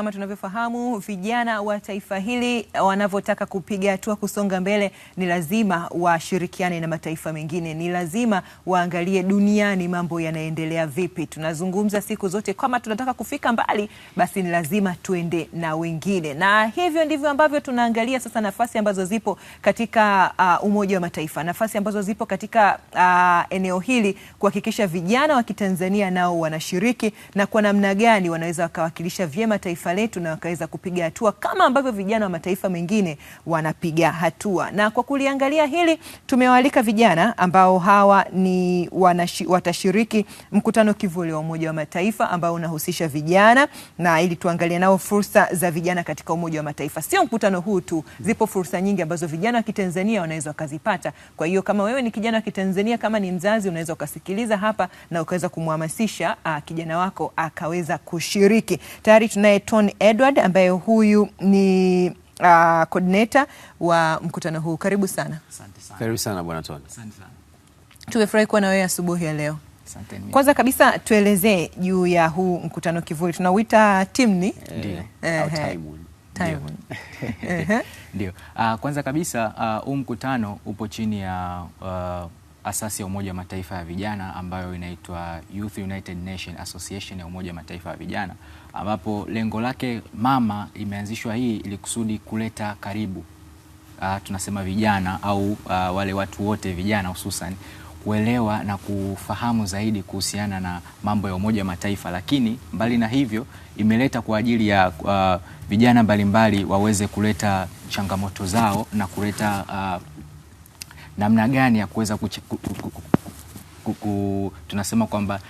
Kama tunavyofahamu vijana wa taifa hili wanavyotaka kupiga hatua kusonga mbele, ni lazima washirikiane na mataifa mengine, ni lazima waangalie duniani mambo yanaendelea vipi. Tunazungumza siku zote kama tunataka kufika mbali, basi ni lazima tuende na wengine, na hivyo ndivyo ambavyo tunaangalia sasa nafasi ambazo zipo katika uh, Umoja wa Mataifa, nafasi ambazo zipo katika uh, eneo hili kuhakikisha vijana wa Kitanzania nao wanashiriki na kwa namna gani wanaweza wakawakilisha vyema taifa taifa letu na wakaweza kupiga hatua kama ambavyo vijana wa mataifa mengine wanapiga hatua. Na kwa kuliangalia hili, tumewaalika vijana ambao hawa ni wanashi, watashiriki mkutano kivuli wa Umoja wa Mataifa ambao unahusisha vijana na ili tuangalie nao fursa za vijana katika Umoja wa Mataifa. Sio mkutano huu tu, zipo fursa nyingi ambazo vijana wa Kitanzania wanaweza wakazipata. Kwa hiyo kama wewe ni kijana wa Kitanzania, kama ni mzazi, unaweza ukasikiliza hapa na ukaweza kumhamasisha ah, kijana wako akaweza kushiriki. Tayari tunaye Anton Edward ambaye huyu ni uh, coordinator wa mkutano huu. Karibu sana. Karibu sana Bwana Tony. Asante sana. Tumefurahi kuwa na wewe asubuhi ya leo. Kwanza kabisa tuelezee juu ya huu mkutano kivuli tunauita TIMNI. Ndio. Ah, kwanza kabisa ah, huu uh, mkutano upo chini ya uh, asasi ya Umoja wa Mataifa ya vijana ambayo inaitwa Youth United Nation Association ya Umoja wa Mataifa ya vijana, ambapo lengo lake mama imeanzishwa hii ili kusudi kuleta karibu uh, tunasema vijana au uh, wale watu wote vijana hususan kuelewa na kufahamu zaidi kuhusiana na mambo ya Umoja wa Mataifa, lakini mbali na hivyo imeleta kwa ajili ya uh, vijana mbalimbali waweze kuleta changamoto zao na kuleta uh, namna gani ya kuweza ku, tunasema kwamba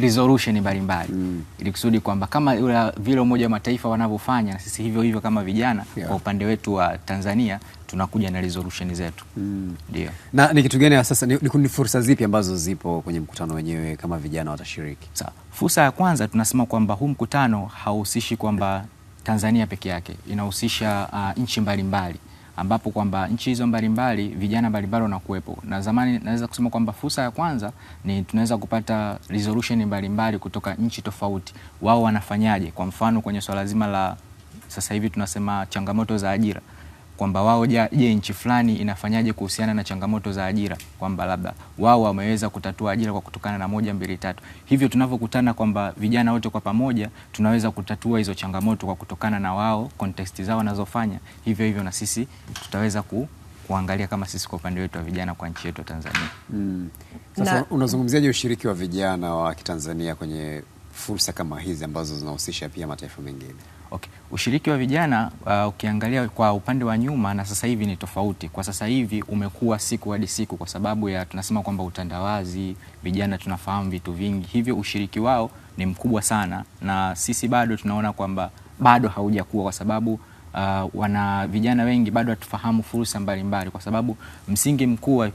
resolution mbalimbali mm. ili kusudi kwamba kama ula vile Umoja wa Mataifa wanavyofanya na sisi hivyo hivyo kama vijana yeah. Kwa upande wetu wa Tanzania tunakuja na resolution zetu mm. ndio mm. Na ni kitu gani sasa, ni, ni fursa zipi ambazo zipo kwenye mkutano wenyewe kama vijana watashiriki? Sawa, fursa ya kwanza tunasema kwamba huu mkutano hauhusishi kwamba Tanzania peke yake, inahusisha uh, nchi mbalimbali ambapo kwamba nchi hizo mbalimbali vijana mbalimbali wanakuwepo, na zamani naweza kusema kwamba fursa ya kwanza ni tunaweza kupata resolution mbalimbali kutoka nchi tofauti, wao wanafanyaje. Kwa mfano kwenye swala zima la sasa hivi tunasema changamoto za ajira kwamba wao je, nchi fulani inafanyaje kuhusiana na changamoto za ajira, kwamba labda wao wameweza kutatua ajira kwa kutokana na moja mbili tatu. Hivyo tunavyokutana kwamba vijana wote kwa pamoja tunaweza kutatua hizo changamoto kwa kutokana na wao context zao wanazofanya, hivyo hivyo na sisi tutaweza ku, kuangalia kama sisi kwa upande wetu wa vijana kwa nchi yetu ya Tanzania. Mm. Sasa unazungumziaje ushiriki wa vijana wa Kitanzania kwenye fursa kama hizi ambazo zinahusisha pia mataifa mengine? Okay. Ushiriki wa vijana uh, ukiangalia kwa upande wa nyuma na sasa hivi ni tofauti. Kwa sasa hivi umekuwa siku hadi siku, kwa sababu ya tunasema kwamba utandawazi, vijana tunafahamu vitu vingi, hivyo ushiriki wao ni mkubwa sana, na sisi bado tunaona kwamba bado haujakuwa kwa sababu uh, wana vijana wengi bado hatufahamu fursa mbalimbali, kwa sababu msingi mkuu wa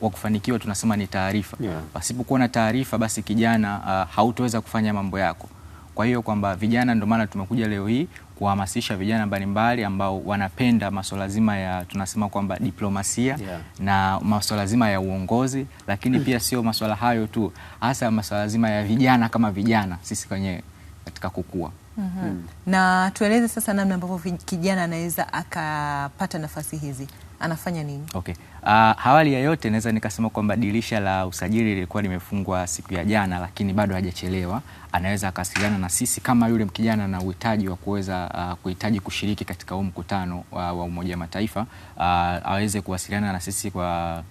kufanikiwa tunasema ni taarifa. Yeah. Pasipokuwa na taarifa, basi kijana uh, hautoweza kufanya mambo yako. Kwa hiyo kwamba vijana, ndio maana tumekuja leo hii kuhamasisha vijana mbalimbali ambao wanapenda masuala zima ya tunasema kwamba diplomasia yeah, na masuala zima ya uongozi, lakini pia sio masuala hayo tu, hasa masuala zima ya vijana kama vijana sisi kwenye katika kukua. Mm-hmm. Mm -hmm. Na tueleze sasa namna ambavyo kijana anaweza akapata nafasi hizi anafanya nini? Okay. Uh, ah, awali ya yote naweza nikasema kwamba dirisha la usajili lilikuwa limefungwa siku ya jana, lakini bado hajachelewa. Anaweza akawasiliana na sisi kama yule kijana na uhitaji wa kuweza uh, kuhitaji kushiriki katika huu mkutano wa, wa Umoja Mataifa uh, aweze kuwasiliana na sisi kwa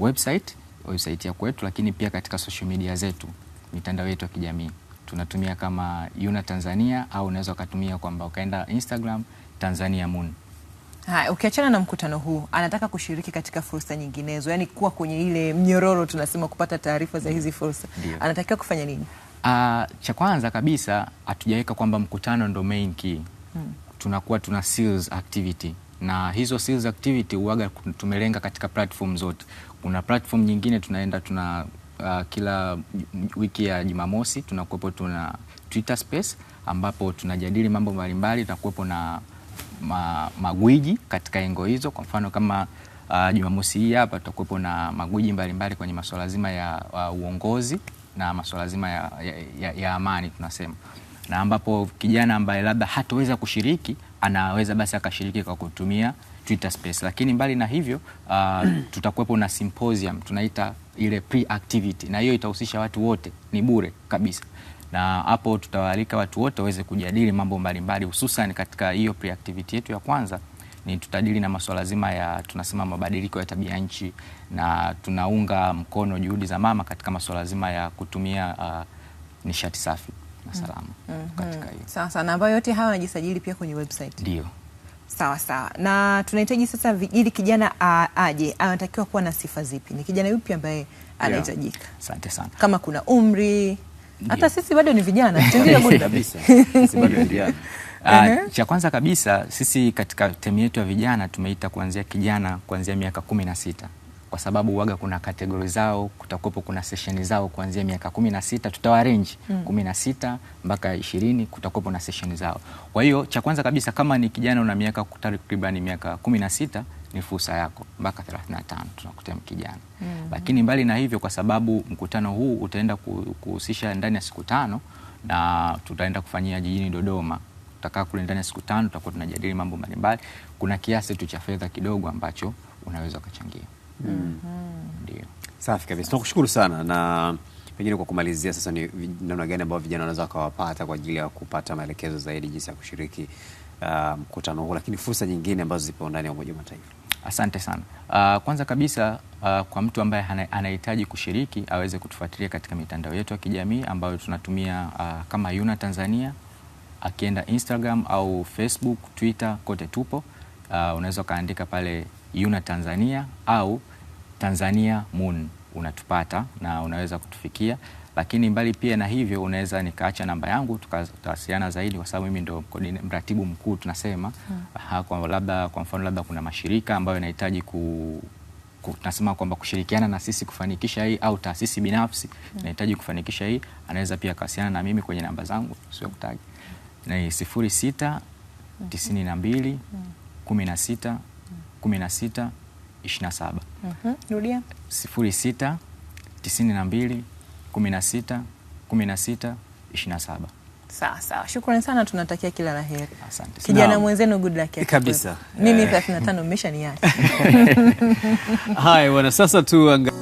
website website ya kwetu, lakini pia katika social media zetu, mitandao yetu ya kijamii tunatumia kama Yuna Tanzania au unaweza ukatumia kwamba ukaenda Instagram Tanzania Moon Hai, ukiachana na mkutano huu, anataka kushiriki katika fursa nyinginezo, yani kuwa kwenye ile mnyororo tunasema kupata taarifa za hizi fursa. Ndiyo. Anatakiwa kufanya nini? Uh, cha kwanza kabisa hatujaweka kwamba mkutano ndo main key. Hmm. Tunakuwa tuna sales activity na hizo sales activity huaga tumelenga katika platform zote. Kuna platform nyingine tunaenda tuna uh, kila wiki ya Jumamosi tunakuwepo tuna Twitter space ambapo tunajadili mambo mbalimbali, tunakuwepo na ma, magwiji katika engo hizo. Kwa mfano kama uh, Jumamosi hii hapa tutakuwepo na magwiji mbalimbali kwenye masuala zima ya uh, uongozi na masuala zima ya, ya, ya, ya amani tunasema, na ambapo kijana ambaye labda hataweza kushiriki anaweza basi akashiriki kwa kutumia Twitter space. Lakini mbali na hivyo uh, tutakuwepo na symposium tunaita ile pre activity, na hiyo itahusisha watu wote, ni bure kabisa na hapo tutawaalika watu wote waweze kujadili mambo mbalimbali, hususan katika hiyo pre-activity yetu ya kwanza ni tutadili na masuala zima ya tunasema mabadiliko ya tabia nchi, na tunaunga mkono juhudi za mama katika masuala zima ya kutumia uh, nishati safi na mm. salama mm -hmm. katika hiyo sawa sawa, na ambayo yote hawa wanajisajili pia kwenye website ndio sawa sawa. Na tunahitaji sasa, ili kijana aje anatakiwa kuwa na sifa zipi? Ni kijana yupi ambaye anahitajika? Asante sana. Kama kuna umri hata sisi bado ni vijana kabisa. Sisi bado ni vijana. Uh, cha kwanza kabisa sisi katika temu yetu ya vijana tumeita kuanzia kijana kuanzia miaka kumi na sita kwa sababu waga kuna kategori zao, kutakuwepo kuna sesheni zao kuanzia miaka kumi na sita tutawarenji mm. kumi na sita mpaka ishirini kutakuwepo na sesheni zao. Kwa hiyo cha kwanza kabisa, kama ni kijana una miaka takribani miaka kumi na sita ni fursa yako mpaka 35 tunakutia mkijana. mm -hmm. Lakini mbali na hivyo, kwa sababu mkutano huu utaenda kuhusisha ndani ya siku tano na tutaenda kufanyia jijini Dodoma, tutakaa kule ndani ya siku tano, tutakuwa tunajadili mambo mbalimbali. Kuna kiasi tu cha fedha kidogo ambacho unaweza ukachangia. Mm-hmm. Ndio, safi kabisa, tunakushukuru sana na pengine kwa kumalizia sasa, ni namna gani ambao vijana wanaweza wakawapata kwa ajili ya kupata maelekezo zaidi jinsi ya kushiriki uh, mkutano um, huu, lakini fursa nyingine ambazo zipo ndani ya Umoja wa Mataifa? Asante sana. Uh, kwanza kabisa uh, kwa mtu ambaye anahitaji kushiriki aweze kutufuatilia katika mitandao yetu ya kijamii ambayo tunatumia uh, kama Yuna Tanzania, akienda Instagram au Facebook, Twitter, kote tupo uh, unaweza ukaandika pale Yuna Tanzania au Tanzania Moon unatupata na unaweza kutufikia, lakini mbali pia na hivyo, unaweza nikaacha namba yangu tukawasiliana zaidi, kwa sababu mimi ndo mratibu mkuu tunasema, hmm. kwa labda kwa mfano labda kuna mashirika ambayo yanahitaji ku tunasema kwamba kushirikiana na sisi kufanikisha hii au taasisi binafsi hmm. inahitaji hmm. kufanikisha hii, anaweza pia akawasiliana na mimi kwenye namba zangu sio kutaja, ni sifuri sita hmm. tisini na mbili hmm. 16 16 27. Mhm. Rudia. 06 92 16 16 27. Sawa sawa, shukrani sana, tunatakia kila la heri. kijana mwenzenu, good luck eh, kabisa. Mimi 35 eh. mmeshaniacha. Haya bwana, sasa tu